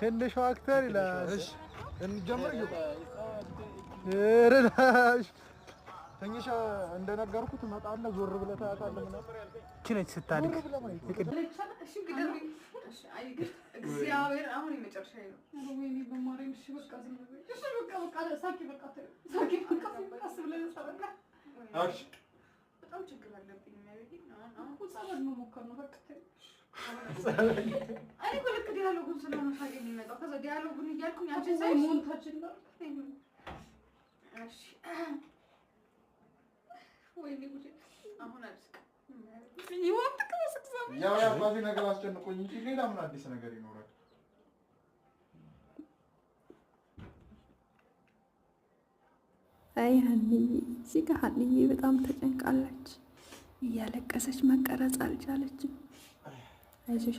تنش واكثر علاش نجمع رلاش ተኝሻ እንደነገርኩ ትመጣለህ፣ ዞር ብለህ ታያታለህ። እቺ ነች ስታድግ። እግዚአብሔር አሁን የመጨረሻ ነው። በጣም ችግር አለብኝ። ዲያሎጉን ስለመፋቅ የሚመጣው ከዛ ዲያሎጉን እያልኩኝ ያው የአባቴ ነገር አስጨንቆኝ እንጂ ሌላ ምን አዲስ ነገር ይኖራል? አይ እዚህ ጋር በጣም ተጨንቃለች። እያለቀሰች መቀረጽ አልቻለችም። አይዞሽ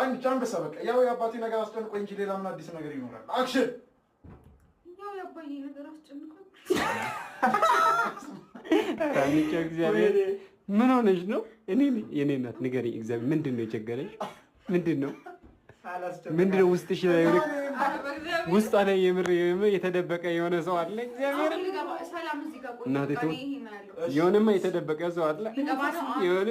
አይ ብቻ አንበሳ በቃ ያው የአባቴ ነገር አስጨንቆኝ እንጂ ሌላ ምን አዲስ ነገር ይኖራል? አክሽን። እግዚአብሔር ምን ሆነሽ ነው? የኔ እናት ንገሪኝ። እግዚአብሔር ምንድን ነው የቸገረሽ? ምንድን ነው ምንድን ነው ውስጥሽ ላይ ውስጧ ላይ የምር የተደበቀ የሆነ ሰው አለ። እግዚአብሔር የሆነማ የተደበቀ ሰው አለ። የሆነ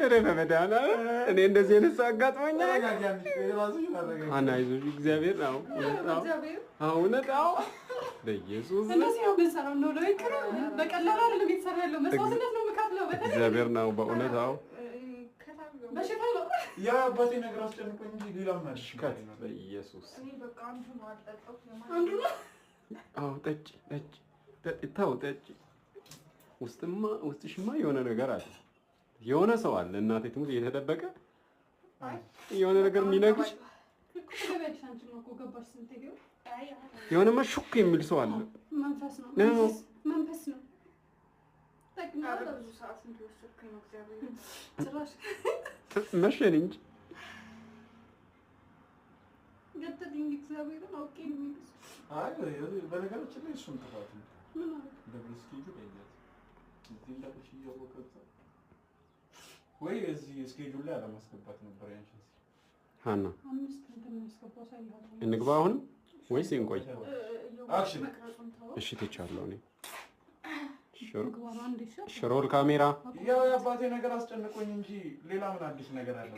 ኧረ በመድኃኒዓለም እኔ እንደዚህ አይነት ሰው አጋጥሞኛል። አይዞሽ እግዚአብሔር ነው እውነት በኢየሱስ እንደዚህ ነው የምንሰራው። ነው በቀላሉ አይደለም የተሰራ ያለው መስዋዕትነት ነው እግዚአብሔር ነው በእውነት አዎ ውስጥሽማ የሆነ ነገር አለ፣ የሆነ ሰው አለ። እናቴ ትሙት እየተደበቀ የሆነ ነገር የሚነግርሽ የሆነ ሹክ የሚል ሰው አለ። መንፈስ ነው መንፈስ ነው። መሸን እንጂ ወይ እዚህ እስኬጁል ላይ አለማስገባት ነበር ያንቺ ሀና እንግባ አሁን ወይስ እንቆይ? እሺ ትቻለሁ። እኔ ሽሮል ካሜራ ያው የአባቴ ነገር አስጨንቆኝ እንጂ ሌላ ምን አዲስ ነገር አለ?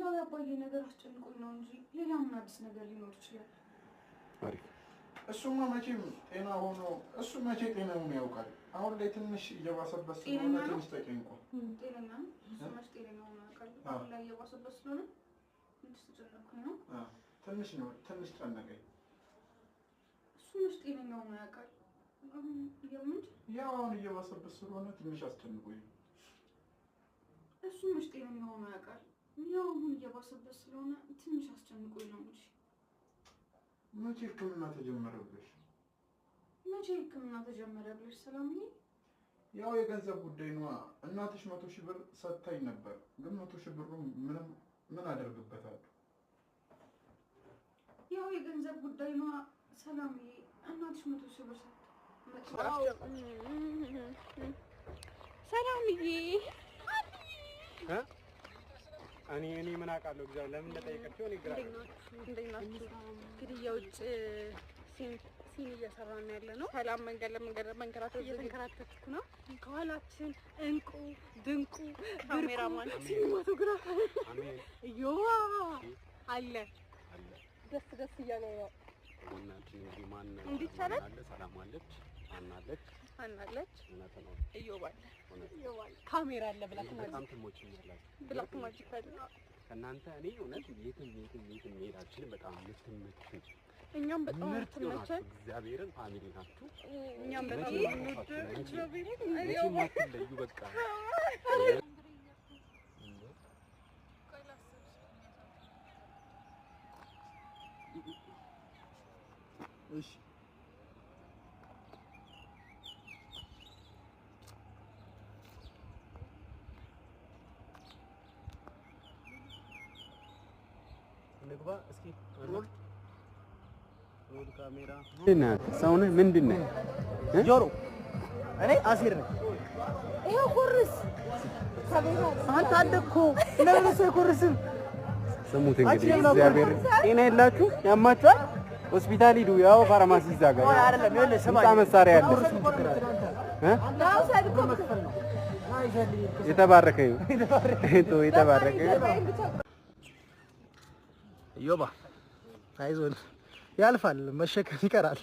ያው የአባዬ ነገር አስጨንቆኝ ነው እንጂ ሌላ ምን አዲስ ነገር ሊኖር ይችላል? አሪፍ እሱማ መቼም ጤና ሆኖ እሱ መቼ ጤናውን ያውቃል። አሁን ላይ ትንሽ እየባሰበት ስለሆነ ትንሽ ጠቂንቆ ጤና ትንሽ ነው ትንሽ ጨነቀኝ። ያውቃል። ያው አሁን እየባሰበት ስለሆነ ትንሽ አስጨንቆኝ። እሱስ ጤነኛው ነው ያውቃል። ያው አሁን እየባሰበት ስለሆነ ትንሽ አስጨንቆኝ ነው እንጂ መቼ ህክምና ተጀመረ መቼ ህክምና ተጀመረ ሰላምዬ ያው የገንዘብ ጉዳይ ነዋ። እናትሽ መቶ ሺህ ብር ሰጥታኝ ነበር፣ ግን መቶ ሺህ ብሩ ምንም ምን አደርግበታለሁ? ያው የገንዘብ ጉዳይ ነዋ። ሰላምዬ፣ እናትሽ መቶ ሺህ ብር ሰጥታኝ ሰላምዬ እኔ እኔ ምን አውቃለሁ። እግዚአብሔር ለምን እንደጠየቀችው እኔ ግራ እንግዲህ የውጭ ሲን እየሰራ ነው ያለ ነው። ሰላም መንገድ ለመንገድ መንከራተት እየተንከራተትኩ ነው። ከኋላችን እንቁ ድንቁ ካሜራማን ሲኒማቶግራፍ እዮዋ አለ ደስ ደስ እያለ ነው። ሰላም አለች አናለች አናለች እዮባል ካሜራ አለ ብላክ ማጂክ ከእናንተ እኔ እውነት የትም የትም የትም መሄዳችንም በጣም የምትመቹ እኛም በጣም የምትመቸን እግዚአብሔርን ፋሚሊ ናችሁ። እኛም በጣም የምንወድ በቃ እሺ ሰው ነህ ምንድን ነህ? ጆሮ እኔ አሲር ነኝ። ይኸው ኩርስ አንተ አለ እኮ ለምን እሱ አይኮርስም? ስሙት እንግዲህ እግዚአብሔር ጤና የላችሁ ያማችኋል። ሆስፒታል ሂዱ። ያው ፋርማሲ እዛ ጋር ህንፃ መሳሪያ ያለ የተባረከ ይሁን የተባረከ ዮባ አይዞን፣ ያልፋል፣ መሸከም ይቀራል።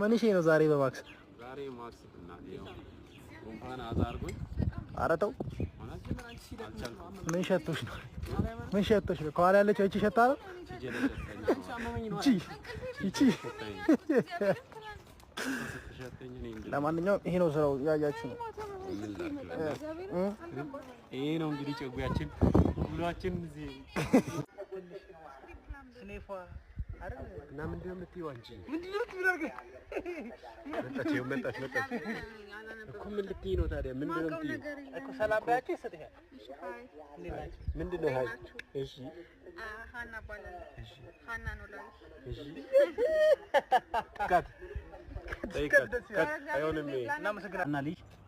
መንሼ ነው ዛሬ በማክስ ዛሬ ማክስ ምን ሸቶሽ ነው? ምን ሸቶሽ ነው? ከኋላ ያለችው እቺ ሸታ ነው። ለማንኛውም ይሄ ነው ስራው፣ ያያችሁ ነው። ይሄ ነው እንግዲህ ጨጓያችን ሁላችን እና ምንድን ነው የምትይው አንቺ? ምንድን ነው የምትይው? አድርገህ መጣች መጣች መጣች እኮ ምን ልትይ ነው ታዲያ? ምንድን ነው የምትይው እኮ? ሰላም ባያቸው ይሰጥሻል። ምንድን ነው ሀይ? እሺ ሀና እባላለሁ። ሀና ነው ላሉ። እሺ ጥቃት ጠይቃት አይሆንም። እናመሰግናለን። እና ልጅ